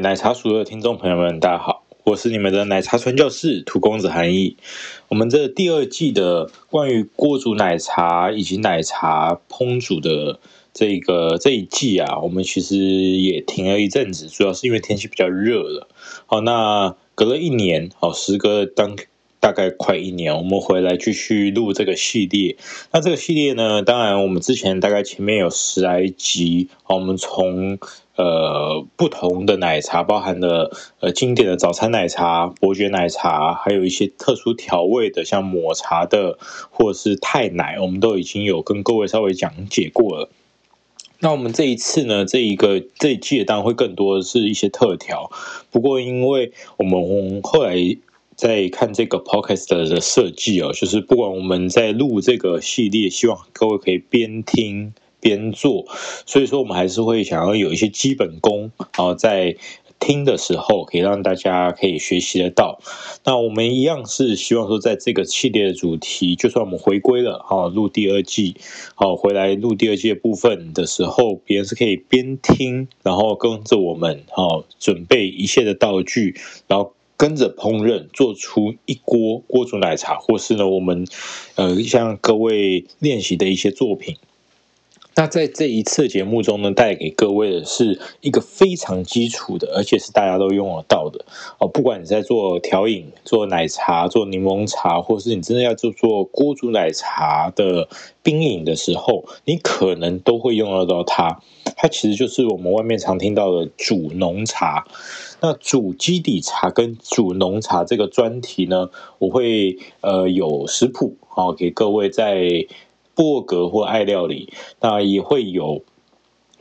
奶茶塾的聽眾朋友們，大家好，我是你們的奶茶傳教士荼公子韓毅。我們這第二季的關於鍋煮奶茶以及奶茶烹煮的這個這一季啊，我們其實也停了一陣子，主要是因為天氣比較熱了。好，那隔了一年，好，時隔當。大概快一年，我們回來繼續錄這個系列。那這個系列呢，當然，我們之前大概前面有十來集。我們從呃不同的奶茶，包含了呃經典的早餐奶茶、伯爵奶茶，還有一些特殊調味的，像抹茶的，或者是泰奶，我們都已經有跟各位稍微講解過了。那我們這一次呢，這一個這一季的當然會更多的是一些特調。不過，因為我們我後來。在看這個 Podcast 的設計哦，就是不管我們在錄這個系列，希望各位可以邊聽邊做。所以說，我們還是會想要有一些基本功，好在聽的時候可以讓大家可以學習得到。那我們一樣是希望說，在這個系列的主題，就算我們回歸了，哈、哦，錄第二季，好、哦、回來錄第二季的部分的時候，別人是可以邊聽，然後跟着我們，好、哦、準備一切的道具，然後。跟着烹飪，做出一鍋鍋煮奶茶，或是呢，我們呃向各位練習的一些作品。那在這一次節目中呢，帶給各位的是一個非常基礎的，而且是大家都用得到的哦。不管你在做調飲、做奶茶、做檸檬茶，或是你真的要做做鍋煮奶茶的冰飲的時候，你可能都會用得到它。它其實就是我們外面常聽到的煮濃茶。那煮基底茶跟煮濃茶這個專題呢，我會呃有食譜哦，給各位在。波格或愛料理，那也會有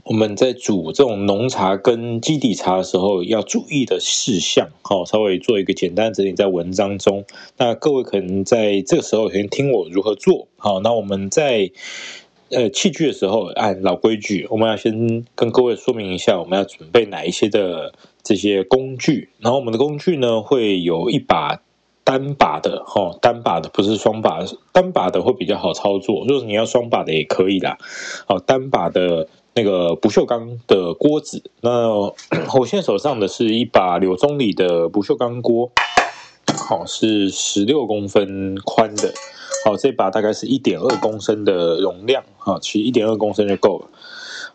我們在煮這種濃茶跟基底茶的時候要注意的事項。好，稍微做一個簡單整理在文章中。那各位可能在這個時候先聽我如何做，好，那我們在呃器具的時候，按老規矩，我們要先跟各位說明一下，我們要準備哪一些的這些工具，然後我們的工具呢，會有一把。單把的哦，單把的不是雙把，單把的會比較好操作。如果是你要雙把的也可以啦。哦，單把的那個不鏽鋼的鍋子，那我現在手上的是一把柳宗理的不鏽鋼鍋，好，是十六公分寬的，好，這把大概是一點二公升的容量，其實一點二公升就夠了。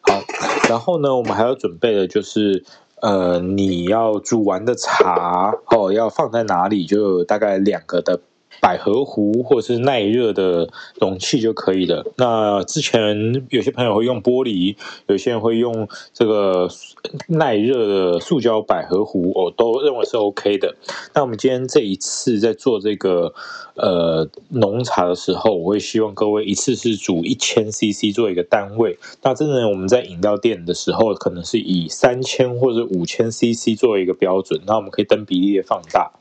好，然後呢，我們還要準備的就是。呃，你要煮完的茶哦，要放在哪裡？就大概兩個的百合壺或者是耐熱的容器就可以了。那之前有些朋友會用玻璃，有些人會用這個耐熱的塑膠百合壺，我都認為是 OK 的。那我們今天這一次在做這個呃濃茶的時候，我會希望各位一次是煮一千 CC 做一個單位。那真的我們在飲料店的時候，可能是以三千或者五千 CC 作為一個標準。那我們可以等比例的放大。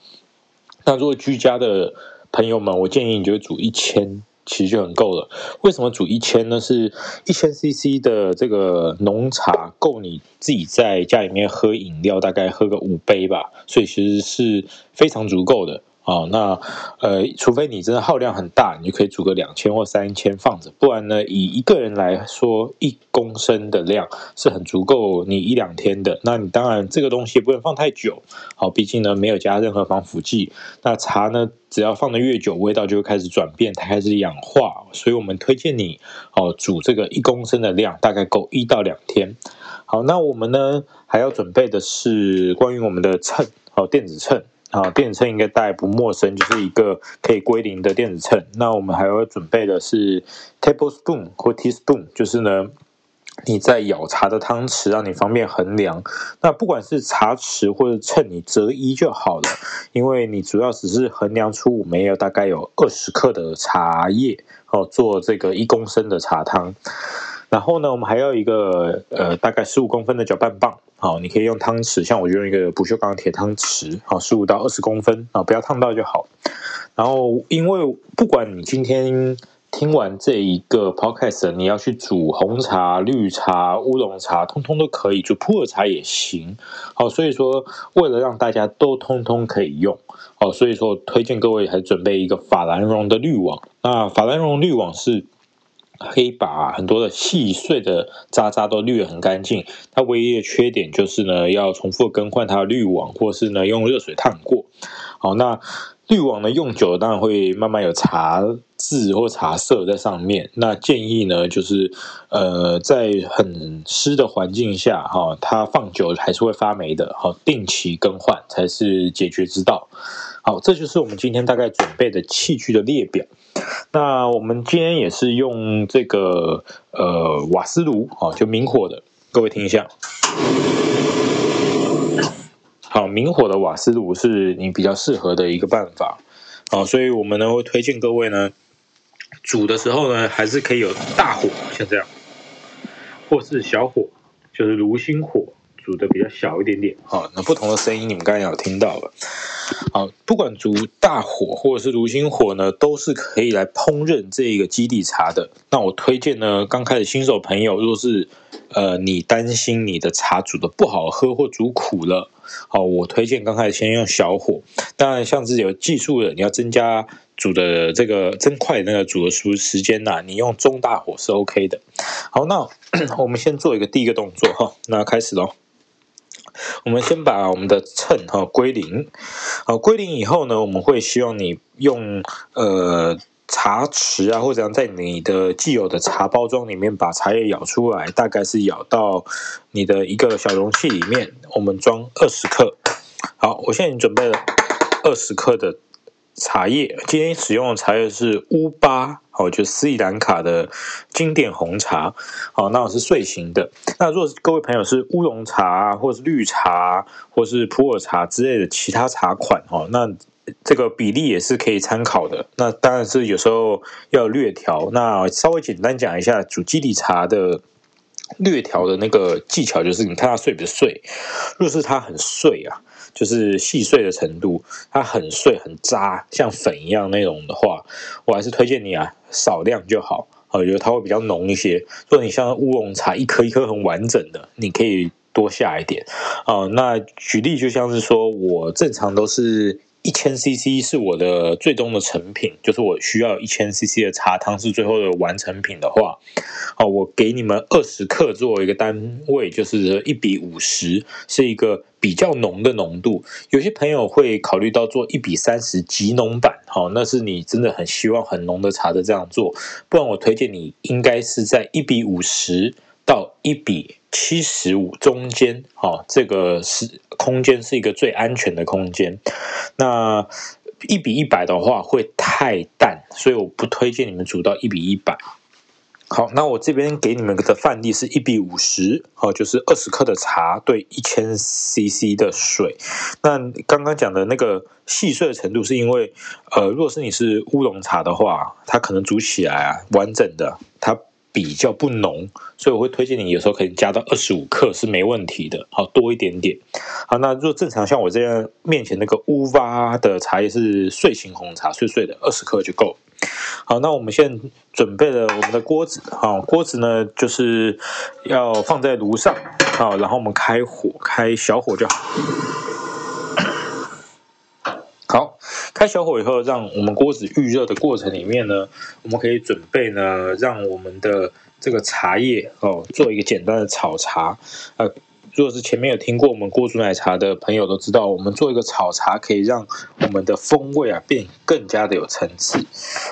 那如果居家的。朋友們，我建議你就煮一千，其實就很夠了。為什麼煮一千呢？是一千 CC 的這個濃茶，夠你自己在家裡面喝飲料，大概喝個五杯吧，所以其實是非常足夠的。哦，那呃，除非你真的耗量很大，你就可以煮個兩千或三千放着。不然呢，以一個人來說，一公升的量是很足夠你一兩天的。那你當然這個東西也不能放太久，好、哦，畢竟呢沒有加任何防腐劑。那茶呢，只要放的越久，味道就會開始轉變，它開始氧化，所以我們推薦你哦煮這個一公升的量，大概夠一到兩天。好，那我們呢還要準備的是關於我們的秤，哦電子秤。啊，電子秤應該大家不陌生，就是一個可以歸零的電子秤。那我們還要準備的是 tablespoon 或 teaspoon，就是呢，你在舀茶的湯匙，讓你方便衡量。那不管是茶匙或者秤，你擇一就好了，因為你主要只是衡量出我們要大概有二十克的茶葉，哦，做這個一公升的茶湯。然後呢，我們還要一個呃，大概十五公分的攪拌棒。好，你可以用湯匙，像我就用一個不鏽鋼鐵湯匙，好，十五到二十公分啊，不要燙到就好。然後，因為不管你今天聽完這一個 podcast，你要去煮紅茶、綠茶、烏龍茶，通通都可以，煮普洱茶也行。好，所以說為了讓大家都通通可以用，好，所以說推薦各位還準備一個法蘭絨的濾網。那法蘭絨濾網是。可以把很多的細碎的渣渣都濾得很乾淨。它唯一的缺點就是呢，要重複更換它的濾網，或是呢用熱水燙過。好，那濾網呢用久了，當然會慢慢有茶漬或茶色在上面。那建議呢，就是呃，在很濕的環境下，哈，它放久了還是會發霉的。好，定期更換才是解決之道。好，這就是我們今天大概準備的器具的列表。那我們今天也是用這個呃瓦斯爐啊，就明火的，各位聽一下。好，明火的瓦斯爐是你比較適合的一個辦法啊，所以我們呢會推薦各位呢煮的時候呢，還是可以有大火，像這樣，或是小火，就是爐心火。煮的比較小一點點，好，那不同的聲音你們剛才也有聽到了，好，不管煮大火或者是爐心火呢，都是可以來烹飪這一個基底茶的。那我推薦呢，剛開始新手朋友，若是呃你擔心你的茶煮的不好喝或煮苦了，好，我推薦剛開始先用小火。當然，像是有技術的，你要增加煮的這個增快那個煮的時時間吶、啊，你用中大火是 OK 的。好，那我們先做一個第一個動作哈，那開始嘍。我們先把我們的秤哈歸零，好，歸零以後呢，我們會希望你用呃茶匙啊或者在你的既有的茶包裝裡面把茶葉舀出來，大概是舀到你的一個小容器裡面，我們裝二十克。好，我現在已經準備了二十克的茶葉，今天使用的茶葉是烏巴。好，就斯里蘭卡的經典紅茶，哦，那我是碎型的。那如果是各位朋友是烏龍茶，或者是綠茶，或是普洱茶之類的其他茶款，哦，那這個比例也是可以參考的。那當然是有時候要略調。那稍微簡單講一下煮基底茶的。略調的那個技巧就是，你看它碎不碎。若是它很碎啊，就是細碎的程度，它很碎很渣，像粉一樣那種的話，我還是推薦你啊，少量就好。我覺得它會比較濃一些。如果你像烏龍茶，一顆一顆很完整的，你可以多下一點啊、呃。那舉例就像是說，我正常都是。一千 CC 是我的最終的成品，就是我需要一千 CC 的茶湯是最後的完成品的話，哦，我給你們二十克做一個單位，就是一比五十是一個比較濃的濃度。有些朋友會考慮到做一比三十極濃版，哈、哦，那是你真的很希望很濃的茶的這樣做。不然我推薦你應該是在一比五十到一比。七十五中間，哦，這個是空間是一個最安全的空間。那一比一百的話會太淡，所以我不推薦你們煮到一比一百。好，那我這邊給你們的範例是一比五十，哦，就是二十克的茶兌一千 CC 的水。那剛剛講的那個細碎的程度，是因為，呃，如果是你是烏龍茶的話，它可能煮起來啊，完整的它。比較不濃，所以我會推薦你有時候可以加到二十五克是沒問題的，好，多一點點。好，那如果正常像我這樣面前那個烏瓦的茶葉是碎形紅茶，碎碎的二十克就夠。好，那我們現在準備了我們的鍋子，好，鍋子呢就是要放在爐上，好，然後我們開火開小火就好。開小火以後，讓我們鍋子預熱的過程裡面呢，我們可以準備呢，讓我們的這個茶葉哦，做一個簡單的炒茶。啊、呃，如果是前面有聽過我們鍋煮奶茶的朋友都知道，我們做一個炒茶可以讓我們的風味啊變更加的有層次。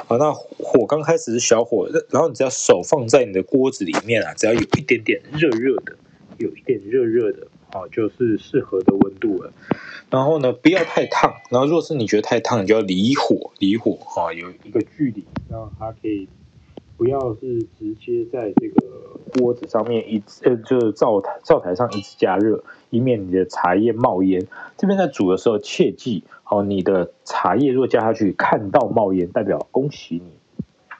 啊、哦，那火剛開始是小火，然後你只要手放在你的鍋子裡面啊，只要有一點點熱熱的，有一點熱熱的。哦，就是適合的溫度了。然後呢，不要太燙。然後，若是你覺得太燙，你就要離火，離火啊、哦、有一個距離，讓它可以不要是直接在這個鍋子上面一直呃，就是灶台、灶台上一直加熱，以免你的茶葉冒煙。這邊在煮的時候，切記哦，你的茶葉若加下去看到冒煙，代表恭喜你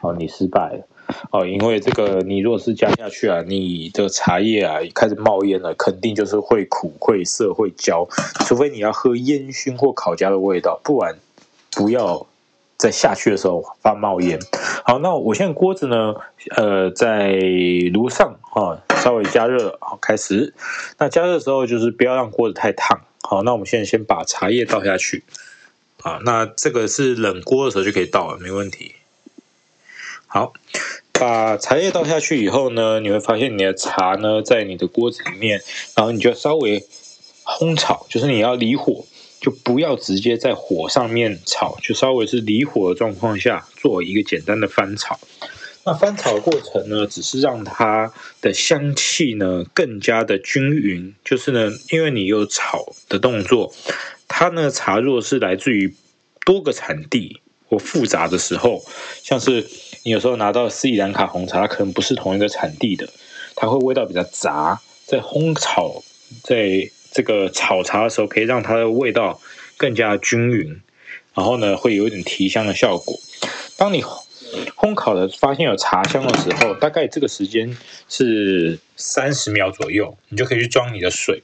哦，你失敗了。哦，因為這個你如果是加下去啊，你的茶葉啊，開始冒煙了，肯定就是會苦、會澀、會焦，除非你要喝煙熏或烤焦的味道，不然不要在下去的時候發冒煙。好，那我現在鍋子呢，呃，在爐上哈、哦，稍微加熱，好開始。那加熱的時候就是不要讓鍋子太燙。好，那我們現在先把茶葉倒下去。啊。那這個是冷鍋的時候就可以倒了，沒問題。好。把茶葉倒下去以後呢，你會發現你的茶呢在你的鍋子裡面，然後你就稍微烘炒，就是你要離火，就不要直接在火上面炒，就稍微是離火的狀況下做一個簡單的翻炒。那翻炒的過程呢，只是讓它的香氣呢更加的均勻，就是呢，因為你有炒的動作，它呢茶若是來自於多個產地，不複雜的時候，像是你有時候拿到斯里蘭卡紅茶，可能不是同一個產地的，它會味道比較雜，在烘炒，在這個炒茶的時候，可以讓它的味道更加均勻，然後呢，會有一點提香的效果，當你。烘烤的發現有茶香的時候，大概這個時間是三十秒左右，你就可以去裝你的水。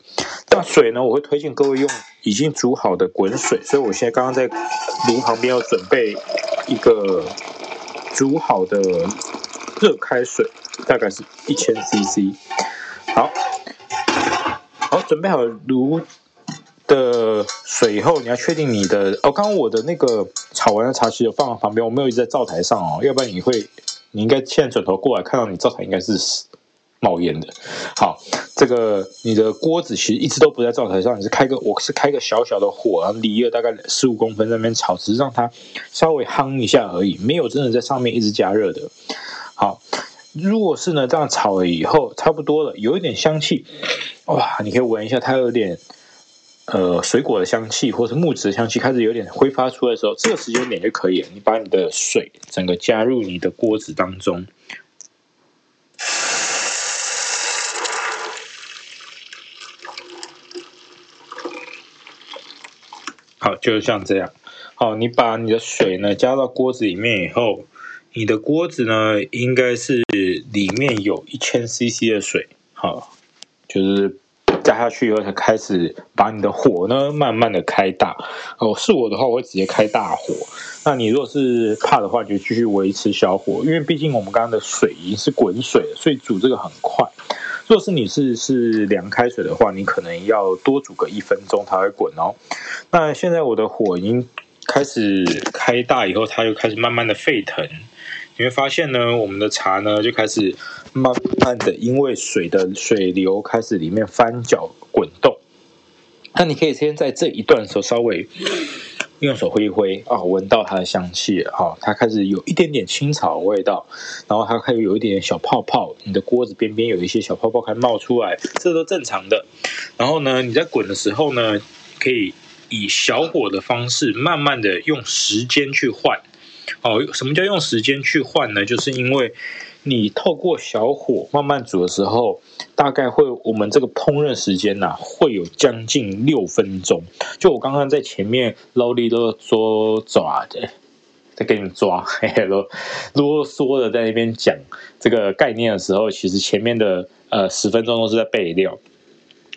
那水呢，我會推薦各位用已經煮好的滾水，所以我現在剛剛在爐旁邊要準備一個煮好的熱開水，大概是一千 CC。好，好，準備好爐。的水以後，你要確定你的哦。剛剛我的那個炒完的茶器，有放在旁邊，我沒有一直在灶台上哦。要不然你會，你應該現在轉頭過來，看到你灶台應該是冒煙的。好，這個你的鍋子其實一直都不在灶台上，你是開個，我是開個小小的火，然後離了大概十五公分在那邊炒，只是讓它稍微烘一下而已，沒有真的在上面一直加熱的。好，如果是呢，這樣炒了以後差不多了，有一點香氣，哇，你可以聞一下，它有點。呃，水果的香氣或者是木質的香氣開始有點揮發出來的時候，這個時間點就可以了。你把你的水整個加入你的鍋子當中。好，就是像這樣。好，你把你的水呢加到鍋子裡面以後，你的鍋子呢應該是裡面有一千 CC 的水。好，就是。加下去以後，才開始把你的火呢，慢慢的開大。哦，是我的話，我會直接開大火。那你若是怕的話，就繼續維持小火，因為畢竟我們剛剛的水已經是滾水了，所以煮這個很快。若是你是是涼開水的話，你可能要多煮個一分鐘，它會滾哦。那現在我的火已經開始開大以後，它又開始慢慢的沸騰。你會發現呢，我們的茶呢就開始慢慢的，因為水的水流開始裡面翻攪滾動。那你可以先在這一段時候稍微用手揮一揮啊，聞到它的香氣啊，它開始有一點點青草的味道，然後它可以有一點小泡泡，你的鍋子邊邊有一些小泡泡開始冒出來，這都正常的。然後呢，你在滾的時候呢，可以以小火的方式慢慢的用時間去換。哦，什麼叫用時間去換呢？就是因為你透過小火慢慢煮的時候，大概會我們這個烹飪時間吶、啊，會有將近六分鐘。就我剛剛在前面嘮裡都抓爪的，在給你們抓，嘿嘿囉囉嗦的在那邊講這個概念的時候，其實前面的呃十分鐘都是在備料。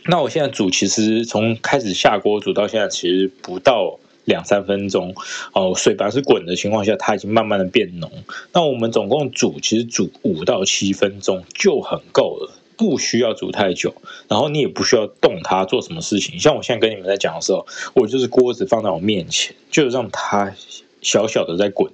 那我現在煮，其實從開始下鍋煮到現在，其實不到。兩三分鐘，哦，水本來是滾的情況下，它已經慢慢的變濃。那我們總共煮，其實煮五到七分鐘就很夠了，不需要煮太久。然後你也不需要動它做什麼事情。像我現在跟你們在講的時候，我就是鍋子放在我面前，就讓它小小的在滾。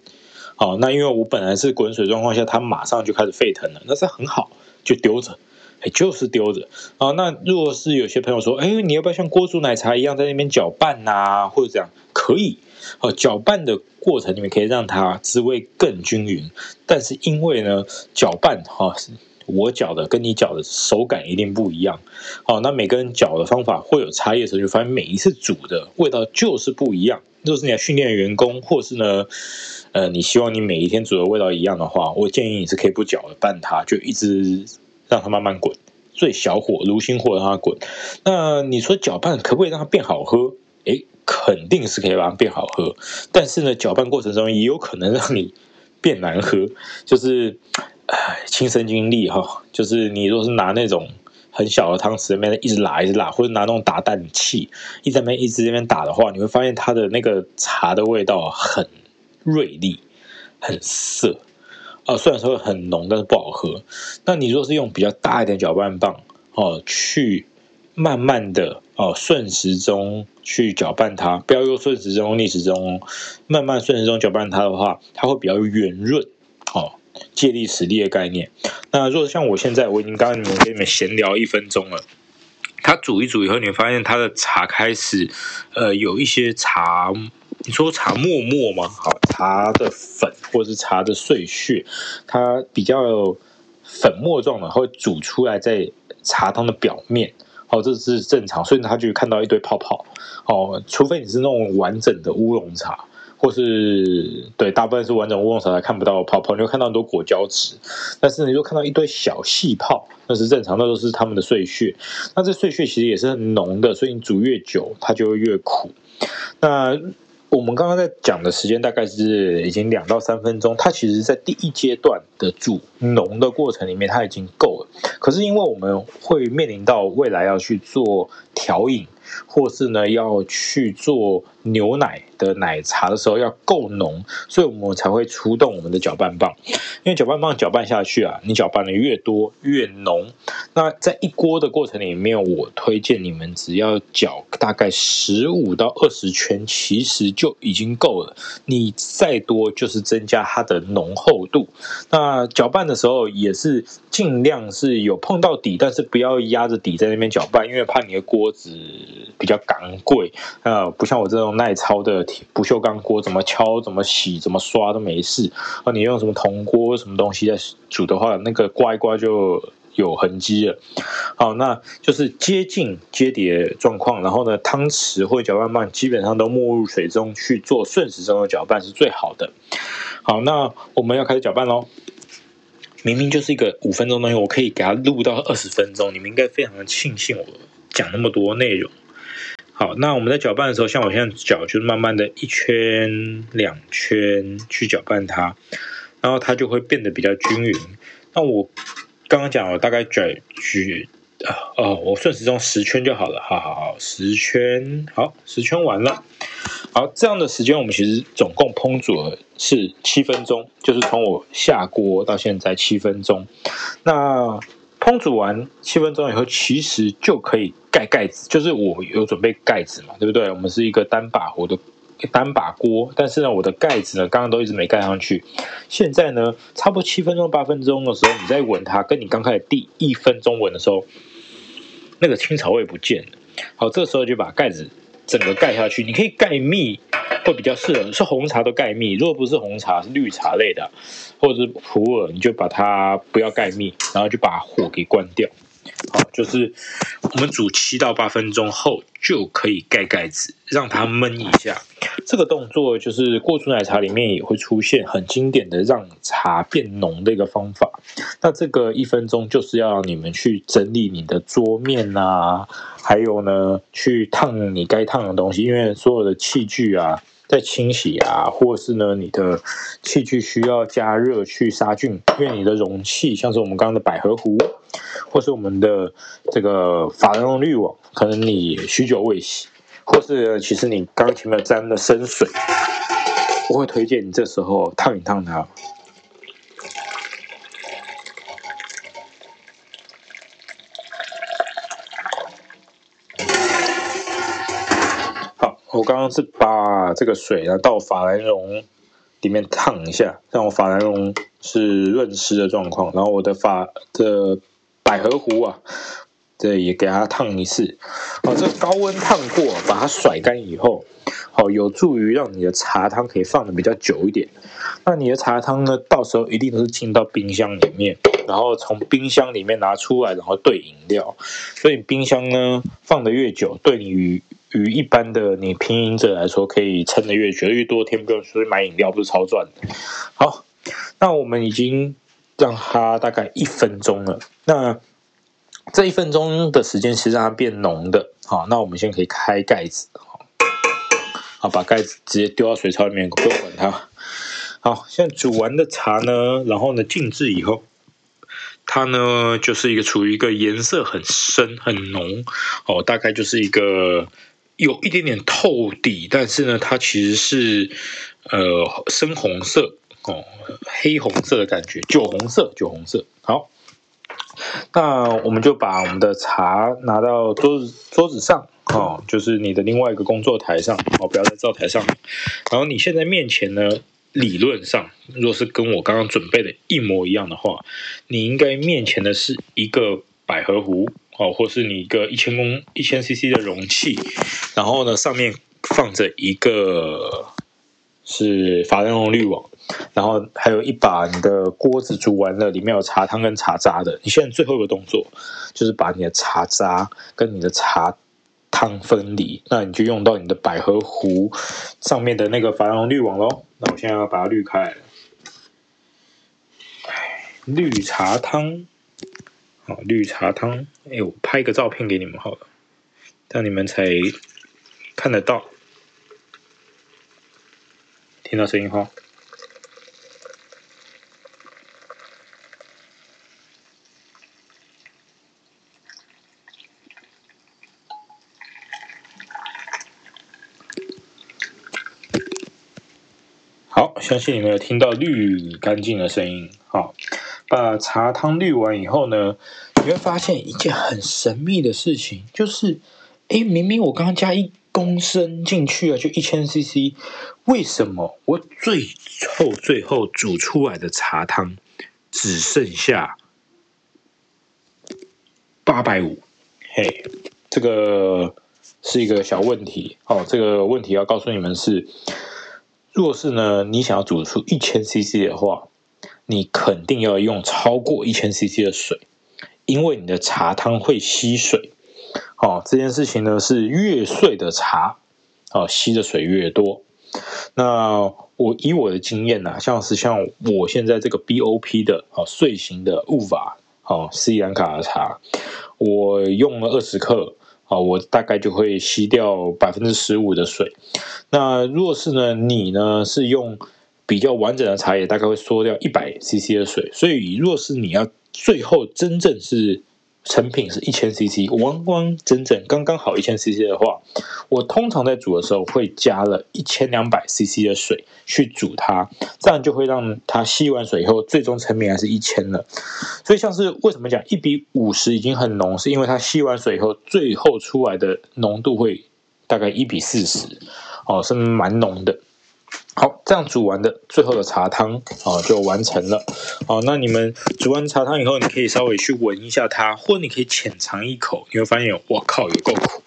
好，哦，那因為我本來是滾水狀況下，它馬上就開始沸騰了，那是很好，就丟着。欸、就是丟着啊。那如果是有些朋友說，哎、欸，你要不要像鍋煮奶茶一樣在那邊攪拌吶、啊，或者這樣可以？啊，攪拌的過程裡面可以讓它滋味更均勻。但是因為呢，攪拌哈、啊，我攪的跟你攪的手感一定不一樣。哦、啊，那每個人攪的方法會有差異，的時候就發現每一次煮的味道就是不一樣。如果是你要訓練員工，或是呢，呃，你希望你每一天煮的味道一樣的話，我建議你是可以不攪拌它，就一直。讓它慢慢滾，最小火，爐心火讓它滾。那你說攪拌可不可以讓它變好喝？哎，肯定是可以讓它變好喝。但是呢，攪拌過程中也有可能讓你變難喝。就是，唉，親身經歷哈、哦，就是你若是拿那種很小的湯匙在那邊一直拉一直拉，或者拿那種打蛋器一直在那邊一直在那邊打的話，你會發現它的那個茶的味道很銳利，很澀。啊、哦，雖然說很濃，但是不好喝。那你若是用比較大一點攪拌棒哦，去慢慢的哦順時鐘去攪拌它，不要用順時鐘逆時鐘，慢慢順時鐘攪拌它的話，它會比較圓潤哦。借力使力的概念。那如果像我現在，我已經剛剛你們跟你們閒聊一分鐘了，它煮一煮以後，你會發現它的茶開始呃有一些茶，你說茶沫沫嗎？好。茶的粉或是茶的碎屑，它比較粉末狀的，會煮出來在茶湯的表面。好，哦，這是正常，所以他就看到一堆泡泡。哦，除非你是那種完整的烏龍茶，或是對，大部分是完整烏龍茶，它看不到泡泡，你會看到很多果膠質。但是你又看到一堆小細泡，那是正常，那都是他們的碎屑。那這碎屑其實也是很濃的，所以你煮越久，它就會越苦。那。我們剛剛在講的時間大概是已經兩到三分鐘，它其實，在第一階段的煮濃的過程裡面，它已經夠了。可是因為我們會面臨到未來要去做調飲，或是呢要去做。牛奶的奶茶的時候要夠濃，所以我們才會出動我們的攪拌棒。因為攪拌棒攪拌下去啊，你攪拌的越多越濃。那在一鍋的過程裡面，我推薦你們只要攪大概十五到二十圈，其實就已經夠了。你再多就是增加它的濃厚度。那攪拌的時候也是盡量是有碰到底，但是不要壓着底在那邊攪拌，因為怕你的鍋子比較昂貴啊，不像我這種。耐操的不鏽鋼鍋怎麼敲、怎麼洗、怎麼刷都沒事。啊，你用什麼銅鍋、什麼東西在煮的話，那個刮一刮就有痕跡了。好，那就是接近接疊狀況，然後呢，湯匙或攪拌棒基本上都沒入水中去做順時針的攪拌是最好的。好，那我們要開始攪拌嘍。明明就是一個五分鐘東西，我可以給它錄到二十分鐘。你們應該非常的慶幸我講那麼多內容。好，那我們在攪拌的時候，像我現在攪，就是慢慢的一圈兩圈去攪拌它，然後它就會變得比較均勻。那我剛剛講，我大概轉舉哦，我順時針十圈就好了。好好好，十圈，好，十圈完了。好，這樣的時間我們其實總共烹煮了是七分鐘，就是從我下鍋到現在七分鐘。那烹煮完七分鐘以後，其實就可以蓋蓋子，就是我有準備蓋子嘛，對不對？我們是一個單把火的單把鍋，但是呢，我的蓋子呢，剛剛都一直沒蓋上去。現在呢，差不多七分鐘、八分鐘的時候，你再聞它，跟你剛開始第一分鐘聞的時候，那個青草味不見了。好，這時候就把蓋子整個蓋下去，你可以蓋密。會比較適合，是紅茶都蓋悶。如果不是紅茶，是綠茶類的，或者是普洱，你就把它不要蓋悶，然後就把火給關掉。好，就是我們煮七到八分鐘後就可以蓋蓋子，讓它燜一下。這個動作就是鍋煮奶茶裡面也會出現很經典的讓茶變濃的一個方法。那這個一分鐘就是要你們去整理你的桌面啊，還有呢去燙你該燙的東西，因為所有的器具啊在清洗啊，或者是呢你的器具需要加熱去殺菌，因為你的容器，像是我們剛剛的百合壺。或是我們的這個法蘭絨濾網，可能你許久未洗，或是其實你剛前面沾了生水，我會推薦你這時候燙一燙它。好，我剛剛是把這個水呢倒法蘭絨裡面燙一下，讓我法蘭絨是潤濕的狀況，然後我的法的。百合壺啊，這也給它燙一次。好，這高溫燙過，把它甩乾以後，好，有助於讓你的茶湯可以放的比較久一點。那你的茶湯呢？到時候一定都是進到冰箱裡面，然後從冰箱裡面拿出來，然後兌飲料。所以冰箱呢放的，越久，對你與一般的你品飲者來說，可以撐的越久越多天。不用出去買飲料，不是超賺的。好，那我們已經。讓它大概一分鐘了，那這一分鐘的時間其實讓它變濃的，好，那我們先可以開蓋子，好，把蓋子直接丟到水槽裡面，不用管它。好，現在煮完的茶呢，然後呢靜置以後，它呢就是一個處於一個顏色很深很濃哦，大概就是一個有一點點透底，但是呢它其實是呃深紅色。哦，黑紅色的感覺，酒紅色，酒紅色。好，那我們就把我們的茶拿到桌子桌子上哦，就是你的另外一個工作台上哦，不要在灶台上面。然後你現在面前呢，理論上若是跟我剛剛準備的一模一樣的話，你應該面前的是一個百合壺哦，或是你一個一千公一千 CC 的容器，然後呢，上面放着一個。是法蘭絨濾網，然後還有一把你的鍋子煮完了，裡面有茶湯跟茶渣的。你現在最後一個動作就是把你的茶渣跟你的茶湯分離，那你就用到你的百合壺上面的那個法蘭絨濾網嘍。那我現在要把它濾開來了，哎，濾茶湯，好濾茶湯，哎、欸，我拍個照片給你們好了，這樣你們才看得到。聽到聲音哈。好，相信你們有聽到濾乾淨的聲音。好，把茶湯濾完以後呢，你會發現一件很神秘的事情，就是，哎，明明我剛剛加一。公升進去啊，就一千 CC，為什麼我最後最後煮出來的茶湯只剩下八百五？嘿，這個是一個小問題哦。這個問題要告訴你們是：若是呢，你想要煮出一千 CC 的話，你肯定要用超過一千 CC 的水，因為你的茶湯會吸水。好、哦，這件事情呢，是越碎的茶，哦，吸的水越多。那我以我的經驗呢、啊，像是像我現在這個 BOP 的哦碎形、的烏巴、哦，斯里蘭卡的茶，我用了二十克，啊、哦、我大概就會吸掉百分之十五的水。那若是呢，你呢是用比較完整的茶葉，大概會縮掉一百 CC 的水。所以若是你要最後真正是成品是一千 CC，完完整整剛剛好一千 CC 的話，我通常在煮的時候會加了一千兩百 CC 的水去煮它，這樣就會讓它吸完水以後，最終成品還是一千了。所以像是為什麼講一比五十已經很濃，是因為它吸完水以後，最後出來的濃度會大概一比四十，哦，是蠻濃的。好，這樣煮完的最後的茶湯啊、哦，就完成了。啊、哦，那你們煮完茶湯以後，你可以稍微去聞一下它，或者你可以淺嘗一口，你會發現，我靠，有夠苦，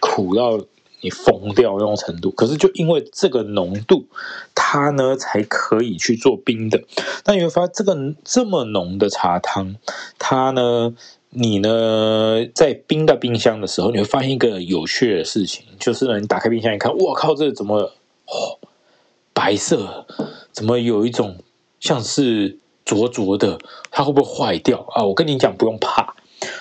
苦到你瘋掉那種程度。可是，就因為這個濃度，它呢才可以去做冰的。那你會發現、這個，這個這麼濃的茶湯，它呢，你呢在冰到冰箱的時候，你會發現一個有趣的事情，就是呢，你打開冰箱一看，我靠，這個、怎麼？哦白色怎麼有一種像是濁濁的？它會不會壞掉啊？我跟你講，不用怕。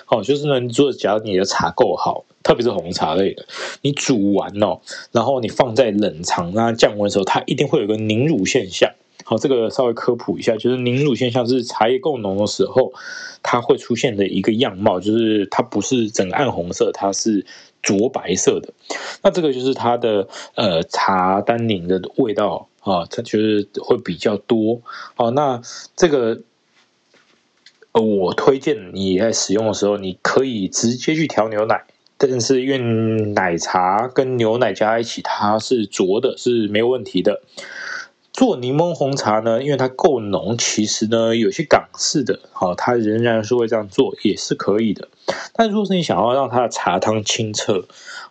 好，就是呢，你如果假如你的茶夠好，特別是紅茶類的，你煮完哦，然後你放在冷藏啊降溫的時候，它一定會有個凝乳現象。好，這個稍微科普一下，就是凝乳現象是茶葉夠濃的時候它會出現的一個樣貌，就是它不是整個暗紅色，它是。濁白色的，那這個就是它的呃茶單寧的味道啊，它就是會比較多哦、啊。那這個呃，我推薦你在使用的時候，你可以直接去調牛奶，但是用奶茶跟牛奶加在一起，它是濁的，是沒有問題的。做檸檬紅茶呢，因為它夠濃，其實呢有些港式的，好、哦，它仍然是會這樣做，也是可以的。但如果是你想要讓它的茶湯清澈，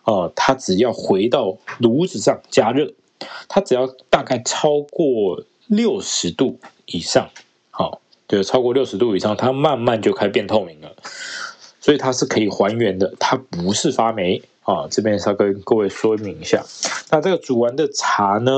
哦，它只要回到爐子上加熱，它只要大概超過六十度以上，好、哦，對，超過六十度以上，它慢慢就開始變透明了，所以它是可以還原的，它不是發霉。啊，這邊稍微跟各位說明一下。那這個煮完的茶呢，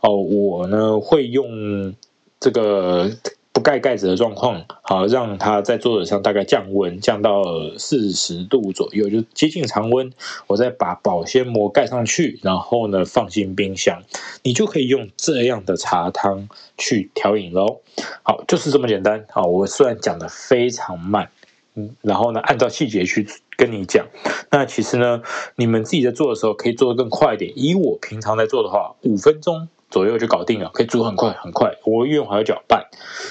哦，我呢會用這個不蓋蓋子的狀況，好、啊、讓它在桌子上大概降溫，降到四十度左右，就接近常溫。我再把保鮮膜蓋上去，然後呢放進冰箱，你就可以用這樣的茶湯去調飲嘍。好，就是這麼簡單。好、啊，我雖然講的非常慢，嗯，然後呢按照細節去。跟你講，那其實呢，你們自己在做的時候可以做得更快一點。以我平常在做的話，五分鐘左右就搞定了，可以煮很快很快。我會用還要攪拌，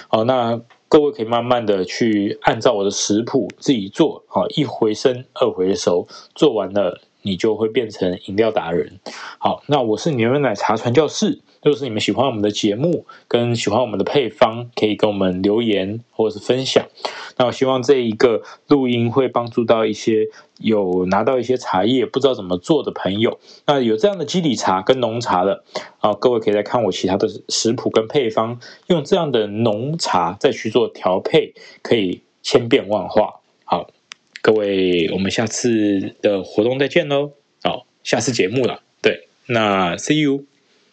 好，那各位可以慢慢的去按照我的食譜自己做，好，一回生二回熟，做完了你就會變成飲料達人。好，那我是牛奶奶茶傳教士。就是你們喜歡我們的節目，跟喜歡我們的配方，可以跟我們留言或者是分享。那我希望這一個錄音會幫助到一些有拿到一些茶葉不知道怎麼做的朋友。那有這樣的基底茶跟濃茶的啊，各位可以來看我其他的食譜跟配方，用這樣的濃茶再去做調配，可以千變萬化。好，各位，我們下次的活動再見嘍。好、哦，下次節目了。對，那 see you。